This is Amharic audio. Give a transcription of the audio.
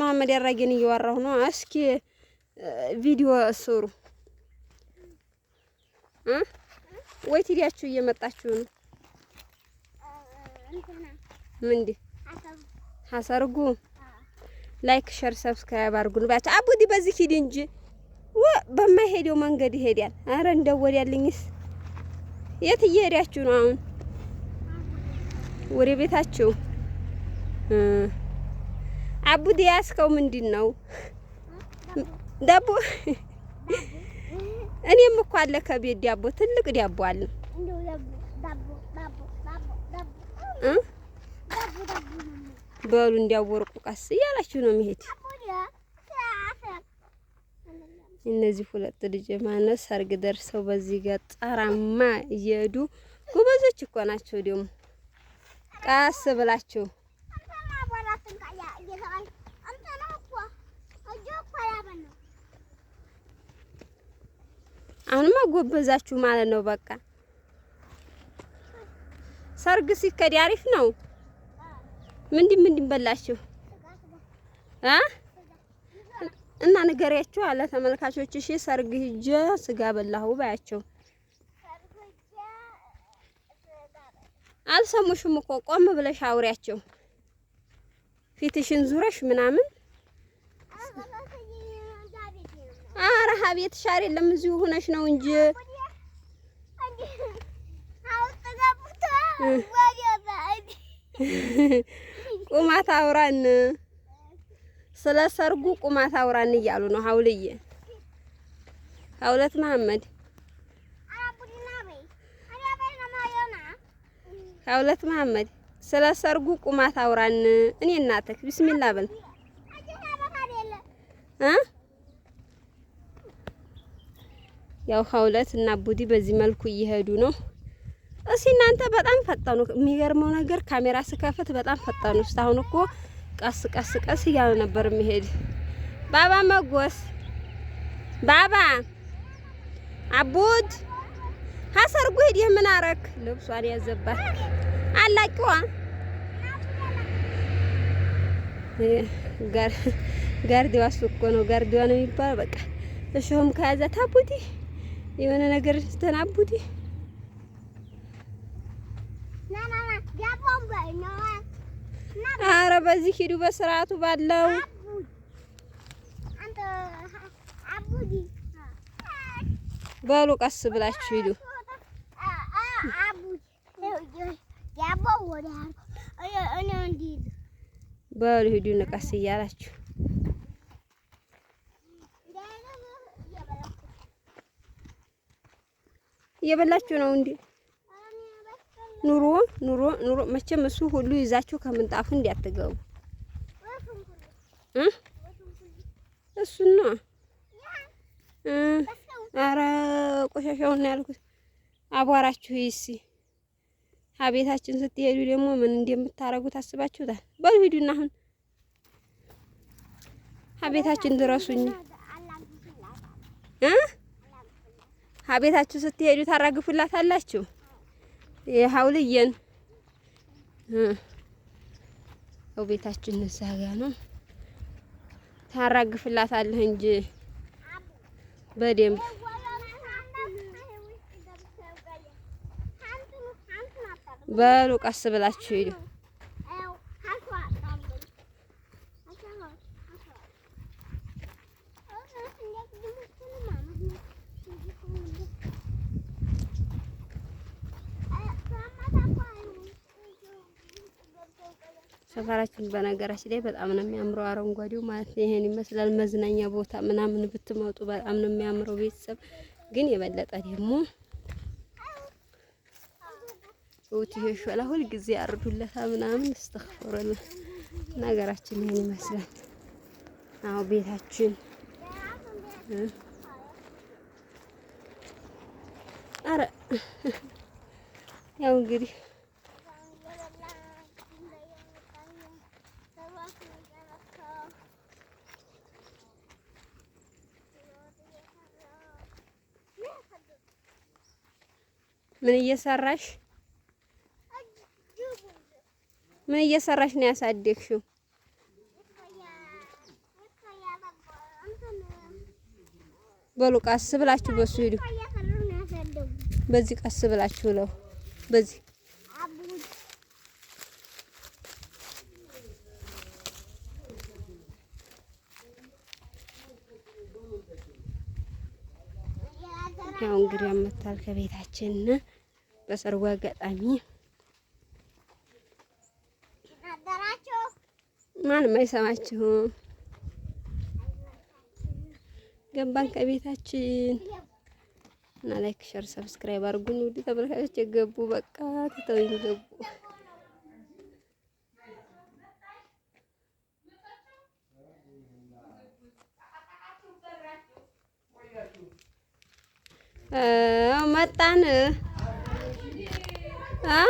መሀመድ ያራጌን እያወራሁ ነው። እስኪ ቪዲዮ ስሩ ወይ ትዲያችሁ እየመጣችሁ ነው። ምንድ ሀሰርጉ ላይክ፣ ሸር፣ ሰብስክራይብ አድርጉን ባያቸው አቡዲ በዚህ ሂድ እንጂ በማይሄደው መንገድ ይሄዳል። አረ ያለኝስ የት እየሄዳችሁ ነው? አሁን ወደ ቤታችሁ አቡድ ያስከው ምንድን ነው ዳቦ? እኔም እኮ አለ ከቤት ዳቦ ትልቅ ዳቦ አለ። በሉ እንዲያወርቁ ቀስ እያላችሁ ነው መሄድ። እነዚህ ሁለት ልጅ ማነው ሰርግ ደርሰው በዚህ ጋር ጠራማ እየሄዱ ጎበዞች እኮ ናቸው። ደግሞ ቀስ ብላችሁ አሁንማ ጎበዛችሁ ማለት ነው። በቃ ሰርግ ሲከድ አሪፍ ነው። ምንድን ምንድን በላችሁ እ እና ንገሪያችሁ አለ ተመልካቾች። እሺ ሰርግ ሂጄ ስጋ በላሁ ባያቸው አልሰሙሽም እኮ ቆም ብለሽ አውሪያቸው ፊትሽን ዙረሽ ምናምን ረሀብ ሻር የለም እዚሁ ሆነሽ ነው እንጂ ቁማት አውራን ስለ ሰርጉ ቁማት አውራን እያሉ ነው። ሀውልዬ ሀውለት መሐመድ ሀውለት መሐመድ ስለ ሰርጉ ቁማት አውራን እኔ እናትህ ቢስሚላ በል እ ያው ሀውለት እና ቡዲ በዚህ መልኩ እየሄዱ ነው። እሺ እናንተ በጣም ፈጠኑ። የሚገርመው ነገር ካሜራ ስከፍት በጣም ፈጠኑ። እስካሁን እኮ ቀስ ቀስ ቀስ እያለ ነበር የሚሄድ። ባባ መጎስ ባባ አቡድ ሀሰርጉ ሄድ ምን አረክ? ልብሷን ያዘባት አላቂዋ ጋርዲዋ እሱ እኮ ነው። ጋርዲዋ ነው የሚባለው። በቃ እሾህም ከያዛት አቡዲ የሆነ ነገር ተናቡት። አረ በዚህ ሂዱ፣ በስርዓቱ ባለው በሉ፣ ቀስ ብላችሁ ሂዱ። በሉ ሂዱ፣ ንቀስ እያላችሁ እየበላችሁ ነው እንዴ? ኑሮ ኑሮ ኑሮ መቼም እሱ ሁሉ ይዛችሁ ከምንጣፉ እንዲያትገቡ አትገቡ። እሱ ነው እ ቆሻሻውን ነው ያልኩት። አቧራችሁ ይሲ አቤታችን ስትሄዱ ደግሞ ምን እንደምታረጉ ታስባችሁታል? በሉ ሂዱና አሁን አቤታችን ድረሱኝ እ አቤታችሁ ስትሄዱ ታራግፉላታላችሁ። የሀውልየን ው ቤታችን እነዛ ጋ ነው ታራግፍላታለህ እንጂ በደንብ በሉ ቀስ ብላችሁ ሂዱ። ሰፈራችን በነገራችን ላይ በጣም ነው የሚያምረው፣ አረንጓዴው ማለት ነው። ይሄን ይመስላል መዝናኛ ቦታ ምናምን ብትመጡ በጣም ነው የሚያምረው። ቤተሰብ ግን የበለጠ ደግሞ ውት ይሄ ሾላ ሁልጊዜ አርዱለታ ምናምን እስተክፈረለ ነገራችን ይሄን ይመስላል። አዎ ቤታችን አረ ያው እንግዲህ ምን እየሰራሽ ምን እየሰራሽ ነው ያሳደግሽው? በሉ ቀስ ብላችሁ በሱ ሂዱ። በዚህ ቀስ ብላችሁ ነው በዚህ ያው እንግዲህ አመታል ከቤታችን በሰርጉ አጋጣሚ ማንም አይሰማችሁም። ገባን ከቤታችን እና ላይክ ሸር ሰብስክራይብ አድርጉን ውድ ተመልካቾች የገቡ በቃ ትተው ገቡ። เออมาตานเออฮะ